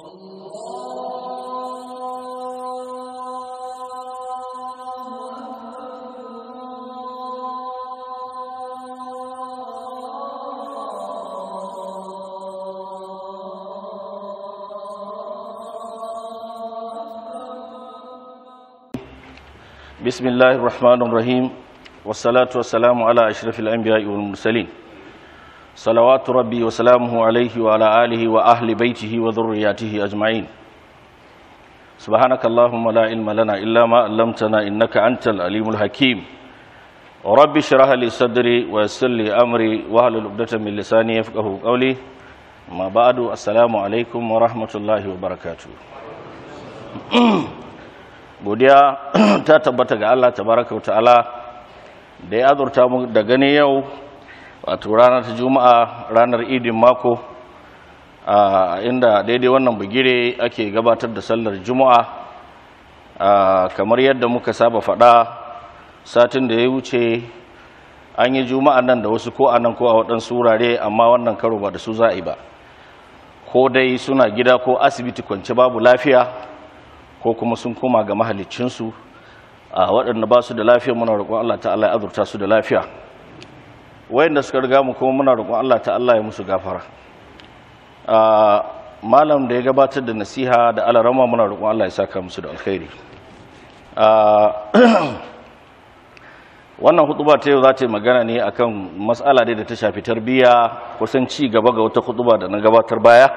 بسم الله الرحمن الرحيم والصلاة والسلام على أشرف الأنبياء والمرسلين صلوات ربي وسلامه عليه وعلى آله وأهل بيته وذرياته أجمعين سبحانك اللهم لا علم لنا إلا ما علمتنا إنك أنت العليم الحكيم رب اشرح لي صدري ويسر لي أمري واهلل عقدة من لساني يفقه قولي ما بعد السلام عليكم ورحمة الله وبركاته godiya ta tabbata ga Allah tabaraka wa ta'ala da ya azurta mu da gani yau wato ranar ta juma'a ranar idin mako a inda daidai wannan bugire ake gabatar da sallar juma'a kamar yadda muka saba faɗa satin da ya wuce an yi juma'a nan da wasu ko a nan ko a waɗansu wurare amma wannan karo ba da su za yi ba ko dai suna gida ko asibiti kwance babu lafiya ko kuma sun koma ga mahalicinsu a waɗanda ba su da lafiya muna roƙon allah ta'ala ya azurta su da lafiya wayanda suka riga mu kuma muna roƙon Allah ta Allah ya musu gafara ah, malam da ya gabatar da nasiha da alarama muna roƙon Allah ya saka musu da alkhairi ah, wannan hutuba ta yau za ta yi magana ne akan matsala da ta shafi tarbiyya kusan ci gaba ga wata hutuba da na gabatar baya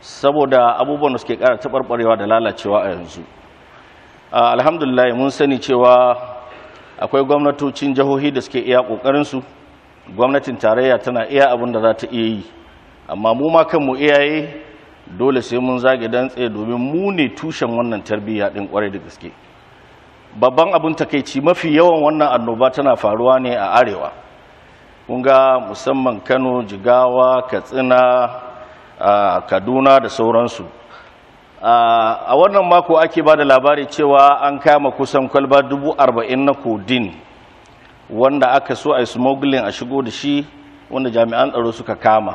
saboda abubuwan da suke ƙara taɓarɓarewa da lalacewa a yanzu ah, alhamdulillah mun sani cewa akwai gwamnatocin jihohi da suke iya ƙoƙarinsu su gwamnatin tarayya tana iya abin da za ta iya yi amma mu ma kanmu iyaye dole sai mun zage dantse domin mu ne tushen wannan tarbiyya din kwarai da gaske babban abin takeici mafi yawan wannan annoba tana faruwa ne a arewa kun ga musamman Kano Jigawa Katsina Kaduna da sauransu a wannan mako ake ba da labari cewa an kama kusan kwalba dubu arba'in na kodin wanda aka so a yi smuggling a shigo da shi wanda jami'an tsaro suka kama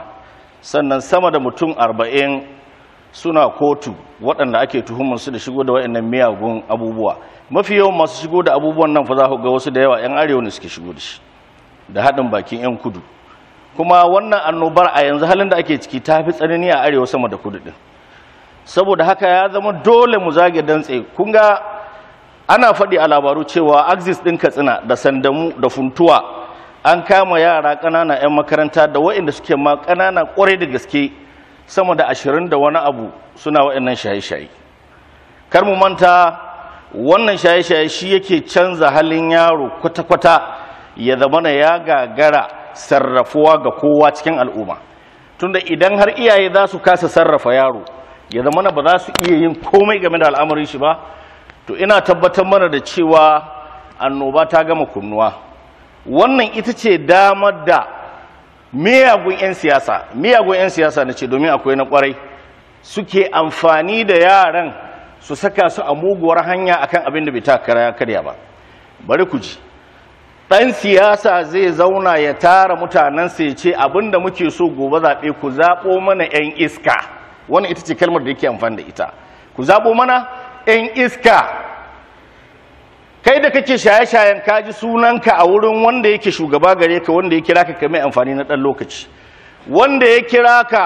sannan sama da mutum arba'in suna kotu waɗanda ake tuhumarsu da shigo da waɗannan miyagun abubuwa mafi yawan masu shigo da abubuwan nan fa za ku ga wasu da yawa 'yan arewa ne suke shigo da shi da haɗin bakin 'yan kudu kuma wannan annobar a yanzu halin da ake ciki ta fi tsanani a arewa sama da kudu ɗin saboda haka ya zama dole mu zage dantse kun ga ana faɗi a labaru cewa axis ɗin katsina da sandamu da funtuwa an kama yara ƙanana 'yan makaranta da waɗanda suke ma ƙanana ƙwarai da gaske sama da ashirin da wani abu suna waɗannan shaye-shaye kar mu manta wannan shaye-shaye shi yake canza halin yaro kwata-kwata ya zamana ya gagara sarrafuwa ga kowa cikin al'umma tunda idan har iyaye za su kasa sarrafa yaro ya na ba za su iya yin komai game da al'amarin shi ba to ina tabbatar mana da cewa annoba ta gama kunnuwa wannan ita ce damar da miyagun 'yan siyasa miyagun 'yan siyasa na ce domin akwai na kwarai suke amfani da yaran su saka su a muguwar hanya akan abin da bai ta karya ba bari ku ji ɗan siyasa zai zauna ya tara mutanensa ya ce abin da muke so gobe zaɓe ku zaɓo mana 'yan iska wani ita ce kalmar da yake amfani da ita ku zaɓo mana In iska kai da kake shaye-shayen kaji sunanka a wurin wanda yake shugaba gare ka wanda ya kira ka kame amfani na ɗan lokaci wanda ya kira ka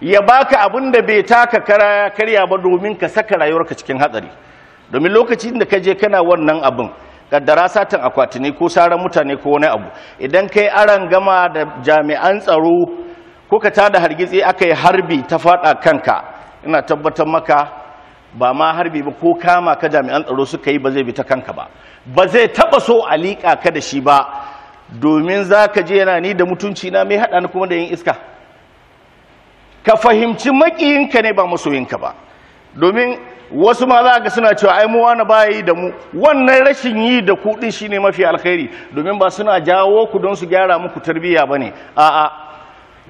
ya baka abin da bai taka kara karya ba domin ka saka rayuwarka cikin hatsari domin lokacin da ka je kana wannan abin kaddara satin akwati ko saran mutane ko wani abu idan kai aran gama da jami'an tsaro ko ka tada hargitsi aka yi harbi ta faɗa kanka ina tabbatar maka ba ma harbi ba ko kama ka jami'an tsaro suka yi ba zai bi ta kanka ba ba zai taba so a liƙa ka da shi ba domin za ka je yana ni da mutunci na mai haɗa ni kuma da yin iska ka fahimci maƙiyinka ne ba masoyinka ba domin wasu ma za ka suna cewa ai mu baya yi da mu wannan rashin yi da kuɗin shine mafi alkhairi domin ba suna jawo ku don su gyara muku tarbiyya ba ne a'a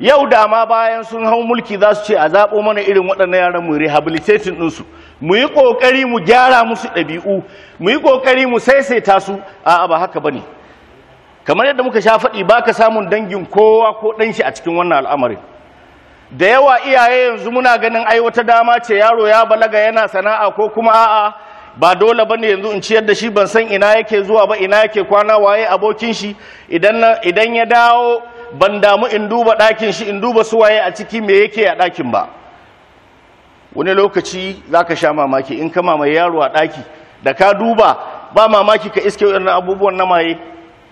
yau da ma bayan sun hau mulki za su ce a zaɓo mana irin waɗannan yaran mu rehabilitation ɗinsu mu yi ƙoƙari mu gyara musu ɗabi'u mu yi ƙoƙari mu saisaita su a'a ba haka ba ne kamar yadda muka sha faɗi ba ka samun dangin kowa ko shi a cikin wannan al'amarin da yawa iyaye yanzu muna ganin ai wata dama ce yaro ya balaga yana sana'a ko kuma a'a ba dole ba ne yanzu in ciyar da shi ban san ina yake zuwa ba ina yake kwana waye abokin shi idan ya dawo ban damu in duba ɗakin shi in duba su waye a ciki me yake a ɗakin ba wani lokaci za ka sha mamaki in ka mamaye yaro a ɗaki da ka duba ba mamaki ka iske wani abubuwan na maye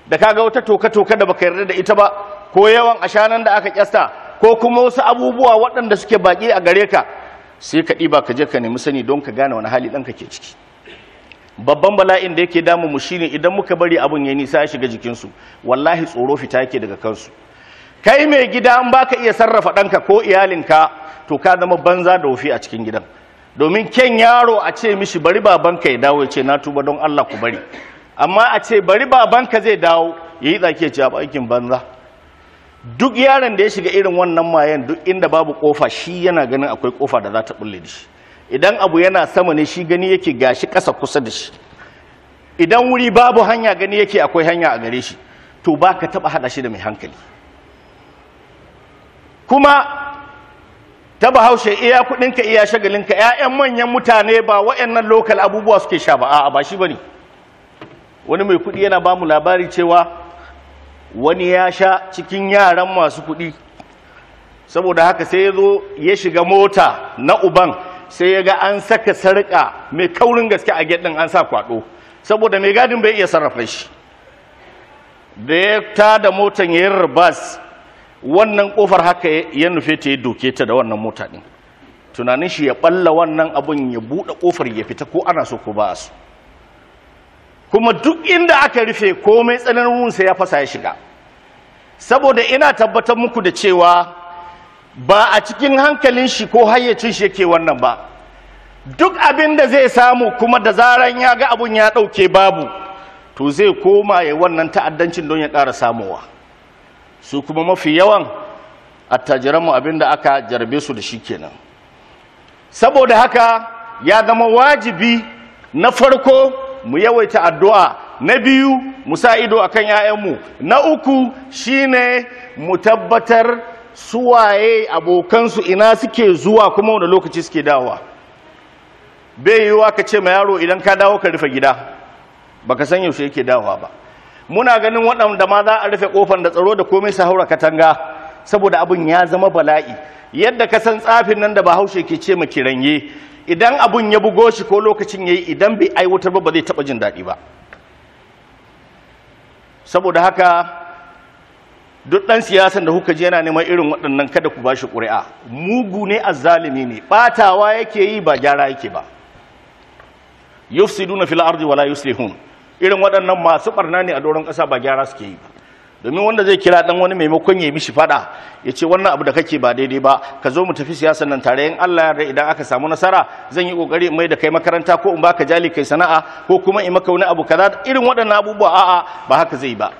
da ka ga wata toka-toka da baka yarda da ita ba ko yawan a ashanan da aka kyasta ko kuma wasu abubuwa waɗanda suke baƙi a gare ka sai ka ɗiba ka je ka nemi sani don ka gane wani hali ɗanka ke ciki babban bala'in da yake damu mu shine idan muka bari abin ya nisa ya shiga jikinsu wallahi tsoro fita yake daga kansu kai mai gida an baka iya sarrafa ɗanka ko iyalinka to ka zama banza da wufi a cikin gidan domin ken yaro a ce mishi bari babanka ya dawo ya ce na tuba don Allah ku bari amma a ce bari babanka zai dawo ya yi tsaki ya ce aikin banza duk yaron da ya shiga irin wannan mayan duk inda babu kofa shi yana ganin akwai kofa da za ta bulle da shi idan abu yana sama ne shi gani yake gashi kasa kusa da shi idan wuri babu hanya gani yake akwai hanya a gare shi to baka ka taɓa haɗa shi da mai hankali kuma ta bahaushe iya kudinka iya shagalinka ƴaƴan manyan mutane ba waɗannan lokal abubuwa suke sha ba a'a ba shi bane wani mai kudi yana ba mu labari cewa wani ya sha cikin yaran masu kudi saboda haka sai ya zo ya shiga mota na uban sai ya ga an saka sarƙa mai kaurin gaske a gyaɗin an sa kwaɗo. saboda mai gadin bai iya sarrafa shi da ya ta da motan ya yi wannan kofar haka ya nufe ta ya doke ta da wannan mota din tunanin shi ya balla wannan abun ya buɗe kofar ya fita ko ana so ko ba su kuma duk inda aka rufe komai tsananin ruwan sai ya fasa ya shiga saboda ina tabbatar muku da cewa ba a cikin hankalin shi ko hayyacin shi yake wannan ba duk abin da zai samu kuma da zaran ya ga abun ya ɗauke babu to zai koma ya wannan ta'addancin don ya ƙara samowa su kuma mafi yawan attajiranmu da aka jarbe su da shi kenan saboda haka ya zama wajibi na farko mu yawaita addu'a na biyu mu sa ido a akan 'ya'yanmu na uku shine mu tabbatar su suwaye abokansu ina suke zuwa kuma wani lokaci suke dawowa bai yiwuwa ka ce ma yaro idan ka dawo ka rufe gida baka san yaushe yake dawowa ba muna ganin waɗanda ma za a rufe kofar da tsaro da komai su haura katanga saboda abin ya zama bala'i yadda ka san tsafin nan da bahaushe ke ce ma kiranye idan abun ya bugo shi ko lokacin ya yi idan bai aiwatar ba ba zai taɓa jin daɗi ba saboda haka duk ɗan siyasan da kuka ji yana neman irin waɗannan kada ku ba shi ƙuri'a mugu ne azzalimi ne ɓatawa yake yi ba gyara yake ba yufsiduna fil ardi wala yuslihun irin waɗannan masu ɓarna ne a doron ƙasa ba gyara suke yi domin wanda zai kira dan wani maimakon ya mishi faɗa, ya ce wannan abu da kake ba daidai ba ka zo mu tafi siyasar nan tare in Allah rai idan aka samu nasara zan yi kokari mai da kai makaranta ko in baka jali kai sana'a ko kuma in maka wani abu kaza irin waɗannan abubuwa a'a ba haka zai ba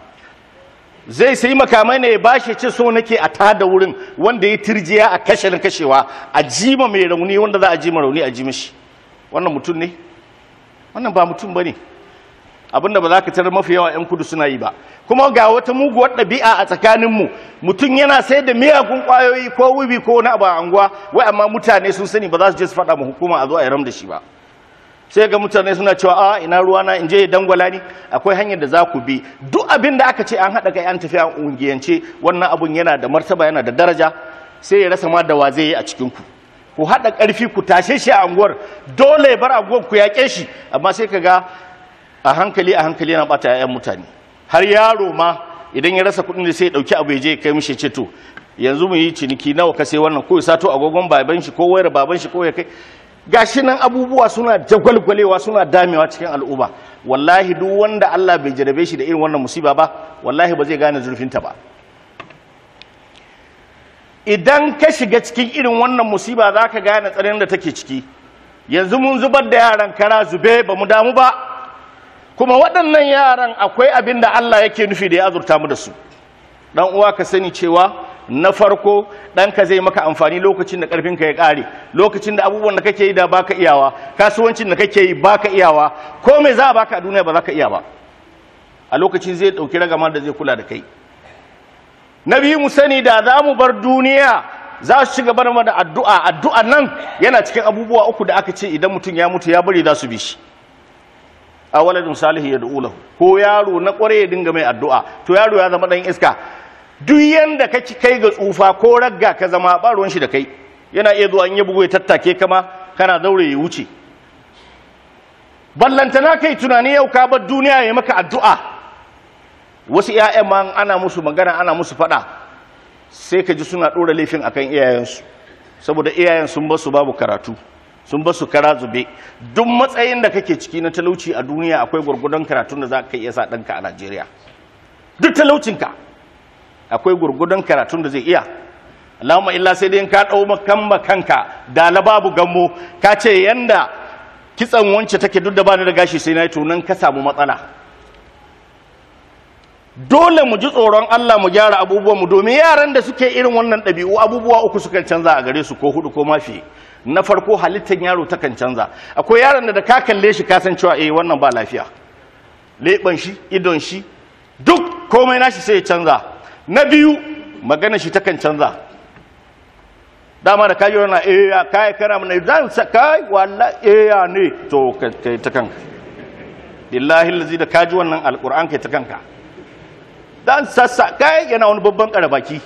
zai sai makamai ne ya shi ce so nake a tada wurin wanda ya tirjiya a kashe kashewa a jima mai rauni wanda za a jima rauni a jima shi wannan mutum ne wannan ba mutum ba ne abinda ba za ka tarar mafi yawa 'yan kudu suna yi ba kuma ga wata muguwar ɗabi'a a tsakaninmu mutum yana sai da miyagun ƙwayoyi ko wibi ko wani abu a anguwa wai amma mutane sun sani ba za su je su faɗa ma hukuma a zo a yi ram da shi ba sai ga mutane suna cewa a ina ruwa na in je ya dangwala ni akwai hanyar da za ku bi duk abin da aka ce an haɗa kai an tafi an ungiyance wannan abun yana da martaba yana da daraja sai ya rasa ma da wa zai yi a cikin ku ku haɗa ƙarfi ku tashe shi a anguwar dole bar anguwar ku yaƙe shi amma sai ka ga a hankali a hankali yana bata 'ya'yan mutane har yaro ma idan ya rasa kuɗin da sai ya ɗauki abu ya je kai mishi ce to yanzu mu yi ciniki nawa ka sai wannan ko ya sato agogon baban shi ko wayar baban shi ko ya kai gashi nan abubuwa suna jagwalgwalewa suna damewa cikin al'umma wallahi duk wanda Allah bai jarabe shi da irin wannan musiba ba wallahi ba zai gane zurfin ta ba idan ka shiga cikin irin wannan musiba za ka gane tsarin da take ciki yanzu mun zubar da yaran kara zube ba mu damu ba kuma waɗannan yaran akwai abin da Allah yake nufi da ya azurta mu da su dan uwa ka sani cewa na farko ɗanka zai maka amfani lokacin da ƙarfinka ya ƙare lokacin da abubuwan da kake yi da baka iyawa kasuwancin da kake yi baka iyawa ko mai za a baka a duniya ba za ka iya ba a lokacin zai ɗauki ragama da zai kula da kai na biyu mu sani da za mu bar duniya za su ci gaba da addu'a addu'a nan yana cikin abubuwa uku da aka ce idan mutum ya mutu ya bari za su bi shi a waladun salihi ya du'u ko yaro na kware ya dinga mai addu'a to yaro ya zama ɗan iska duk yanda ka kai ga tsufa ko ragga ka zama ba ruwan shi da kai yana iya zuwa in ya bugu ya tattake kama kana zaure ya wuce ballantana kai tunani yau ka bar duniya ya maka addu'a wasu 'ya'yan ma ana musu magana ana musu faɗa sai ka ji suna ɗora laifin akan iyayensu saboda iyayen sun basu babu karatu sun ba su kara zube duk matsayin da kake ciki na talauci a duniya akwai gurgudan karatun da za ka iya sa ɗanka a najeriya duk talaucinka akwai gurgudan karatun da zai iya alama illa sai dai ka ɗau makamma kanka da babu gammo ka ce yanda kitsan wance take duk da bani da gashi sai na yi tunan ka samu matsala dole mu ji tsoron Allah mu gyara abubuwanmu domin yaran da suke irin wannan ɗabi'u abubuwa uku sukan canza a gare su ko hudu ko mafi na farko halittar yaro takan canza akwai yaron da ka kalle shi ka san cewa eh wannan ba lafiya leban shi idon shi duk komai nashi sai ya canza na biyu magana shi takan canza dama da kaji wannan eh ya kai kana mun zan sakai walla eh ya ne to kai ta kanka billahi allazi da kaji wannan alquran kai ta kanka dan sassa kai yana wani babban karabaki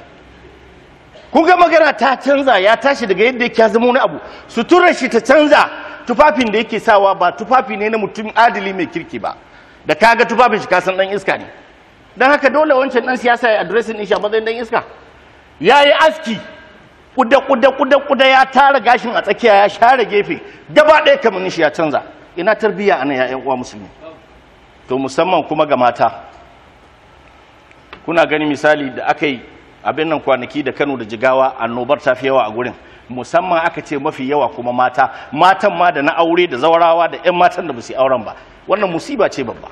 kun ga magana ta canza ya tashi daga yadda yake zama wani abu suturar shi ta canza tufafin da yake sawa ba tufafi ne na mutum adali mai kirki ba da kaga tufafin shi kasan dan iska ne dan haka dole wancan dan siyasa ya addressin din shi a matsayin dan iska ya yi aski kuda kuda kuda kuda ya tara gashin a tsakiya ya share gefe gaba ɗaya kamar shi ya canza ina tarbiyya ana ya uwa musulmi to musamman kuma ga mata kuna gani misali da aka yi abin nan kwanaki da Kano da Jigawa annobar ta fi yawa a gurin musamman aka ce mafi yawa kuma mata matan ma da na aure da zawarawa da 'yan matan da ba su auren ba wannan musiba ce babba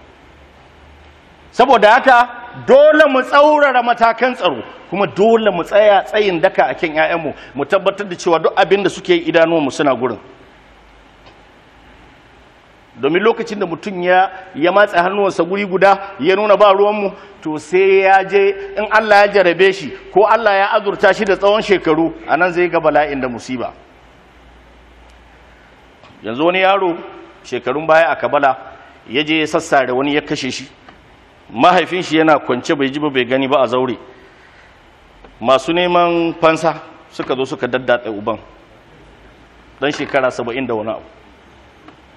saboda haka dole mu tsaurara matakan tsaro kuma dole mu tsaya tsayin daka a kan 'ya'yanmu mu tabbatar da cewa duk abin da suke yi idanuwanmu suna gurin domin lokacin da mutum ya ya matsa hannuwansa guri guda ya nuna ba ruwanmu to sai ya je in Allah ya jarabe shi ko Allah ya azurta shi da tsawon shekaru a nan zai ga bala'in da musiba yanzu wani yaro shekarun baya a kabala ya je ya sassare wani ya kashe shi mahaifin shi yana kwance bai ji ba bai gani ba a zaure masu neman fansa suka zo suka daddatsa uban dan shekara saba'in da wani abu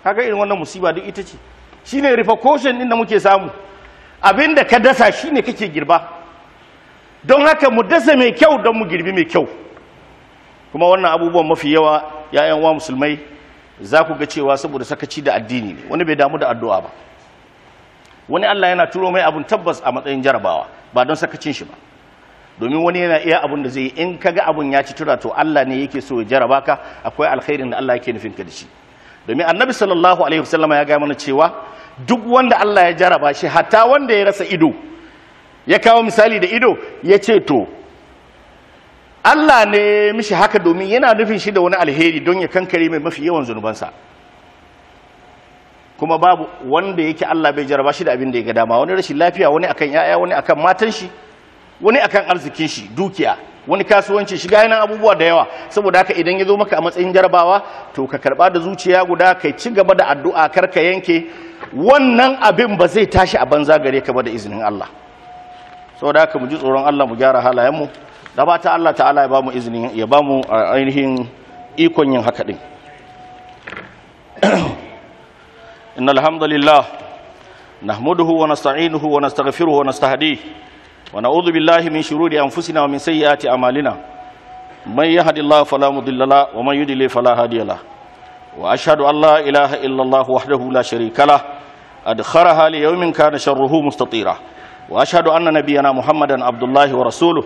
kaga irin wannan musiba duk ita ce shine repercussion din da muke samu abinda ka dasa shi ne kake girba don haka mu dasa mai kyau don mu girbi mai kyau kuma wannan abubuwan mafi yawa ya'yan wa musulmai za ku ga cewa saboda sakaci da addini ne wani bai damu da addu'a ba wani Allah yana turo mai abun tabbas a matsayin jarabawa ba don sakacin shi ba domin wani yana iya abun da zai yi, in kaga abun ya ci tura to Allah ne yake so ya jaraba ka akwai alkhairin da Allah yake nufin ka da shi domin annabi sallallahu alaihi wasallama ya gaya mana cewa duk wanda Allah ya jaraba shi hatta wanda ya rasa ido ya kawo misali da ido ya ce to Allah ne mishi haka domin yana nufin shi da wani alheri don ya kankare mai mafi yawan zunubansa kuma babu wanda yake Allah bai jaraba shi da abin da ya ga dama wani rashin lafiya wani akan 'ya'ya wani akan matan shi wani akan arzikin shi dukiya wani kasuwanci shiga yana abubuwa da yawa saboda haka idan ya zo maka a matsayin jarabawa to ka karba da zuciya guda ka ci gaba da addu'a kar ka yanke wannan abin ba zai tashi a banza gare ka ba da izinin Allah saboda haka mu ji tsoron Allah mu gyara halayen mu da ba ta Allah ta'ala ya ba mu izinin ya ba mu ainihin ikon yin haka din innal hamdalillah nahmaduhu wa nasta'inuhu wa nastaghfiruhu wa nastahdihi ونعوذ بالله من شرور أنفسنا ومن سيئات أعمالنا من يهد الله فلا مضل له ومن يضلل فلا هادي له وأشهد أن لا إله إلا الله وحده لا شريك له أدخرها ليوم كان شره مستطيرا وأشهد أن نبينا محمدا عبد الله ورسوله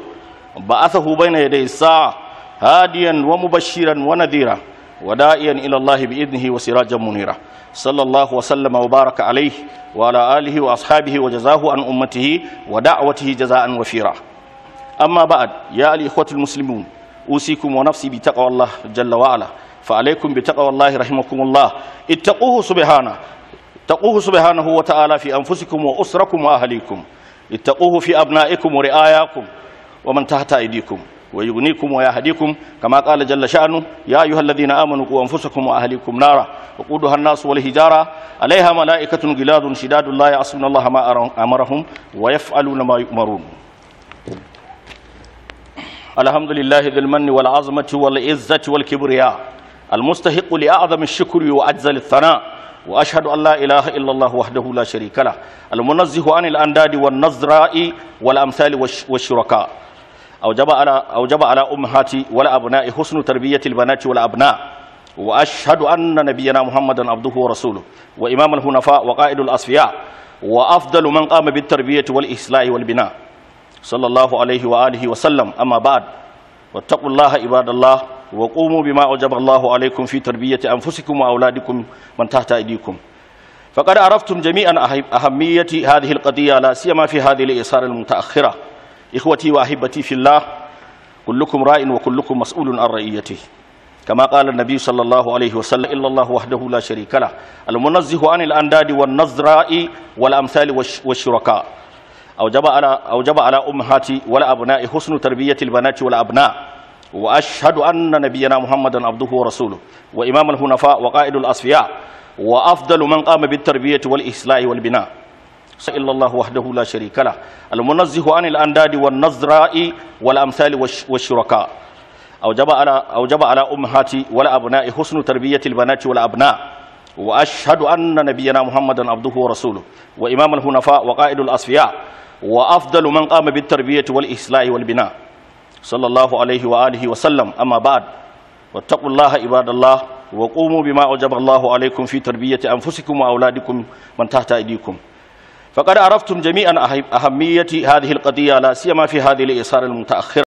بعثه بين يدي الساعة هاديا ومبشرا ونذيرا وداعيا إلى الله بإذنه وسراجا منيرا صلى الله وسلم وبارك عليه وعلى آله وأصحابه وجزاه عن أمته ودعوته جزاء وفيرا أما بعد يا الإخوة المسلمون أوصيكم ونفسي بتقوى الله جل وعلا فعليكم بتقوى الله رحمكم الله اتقوه سبحانه اتقوه سبحانه وتعالى في أنفسكم وأسركم وأهليكم اتقوه في أبنائكم ورعاياكم ومن تحت أيديكم ويغنيكم ويهديكم كما قال جل شأنه يا أيها الذين آمنوا قوا أنفسكم وأهليكم نارا وقودها الناس والهجارة عليها ملائكة غلاد شداد لا يعصون الله ما أمرهم ويفعلون ما يؤمرون الحمد لله ذي المن والعظمة والعزة والكبرياء المستحق لأعظم الشكر وأجزل الثناء وأشهد أن لا إله إلا الله وحده لا شريك له المنزه عن الأنداد والنزراء والأمثال والشركاء أوجب على أوجب على أمهات والأبناء حسن تربية البنات والأبناء وأشهد أن نبينا محمدا عبده ورسوله وإمام الحنفاء وقائد الأصفياء وأفضل من قام بالتربية والإصلاح والبناء صلى الله عليه وآله وسلم أما بعد واتقوا الله عباد الله وقوموا بما أوجب الله عليكم في تربية أنفسكم وأولادكم من تحت أيديكم فقد عرفتم جميعا أهمية هذه القضية لا سيما في هذه الإصارة المتأخرة إخوتي وأحبتي في الله كلكم راء وكلكم مسؤول عن رعيته كما قال النبي صلى الله عليه وسلم إلا الله وحده لا شريك له المنزه عن الأنداد والنزراء والأمثال والشركاء أوجب على أوجب على أمهاتي والأبناء حسن تربية البنات والأبناء وأشهد أن نبينا محمدا عبده ورسوله وإمام الحنفاء وقائد الأصفياء وأفضل من قام بالتربية والإصلاح والبناء إلا الله وحده لا شريك له المنزه عن الأنداد والنزراء والأمثال والشركاء أوجب على أوجب على أمهات والأبناء حسن تربية البنات والأبناء وأشهد أن نبينا محمدا عبده ورسوله وإمام الحنفاء وقائد الأصفياء وأفضل من قام بالتربية والإصلاح والبناء صلى الله عليه وآله وسلم أما بعد واتقوا الله عباد الله وقوموا بما أوجب الله عليكم في تربية أنفسكم وأولادكم من تحت أيديكم فقد عرفتم جميعا أهمية هذه القضية لا سيما في هذه الإصارة المتأخرة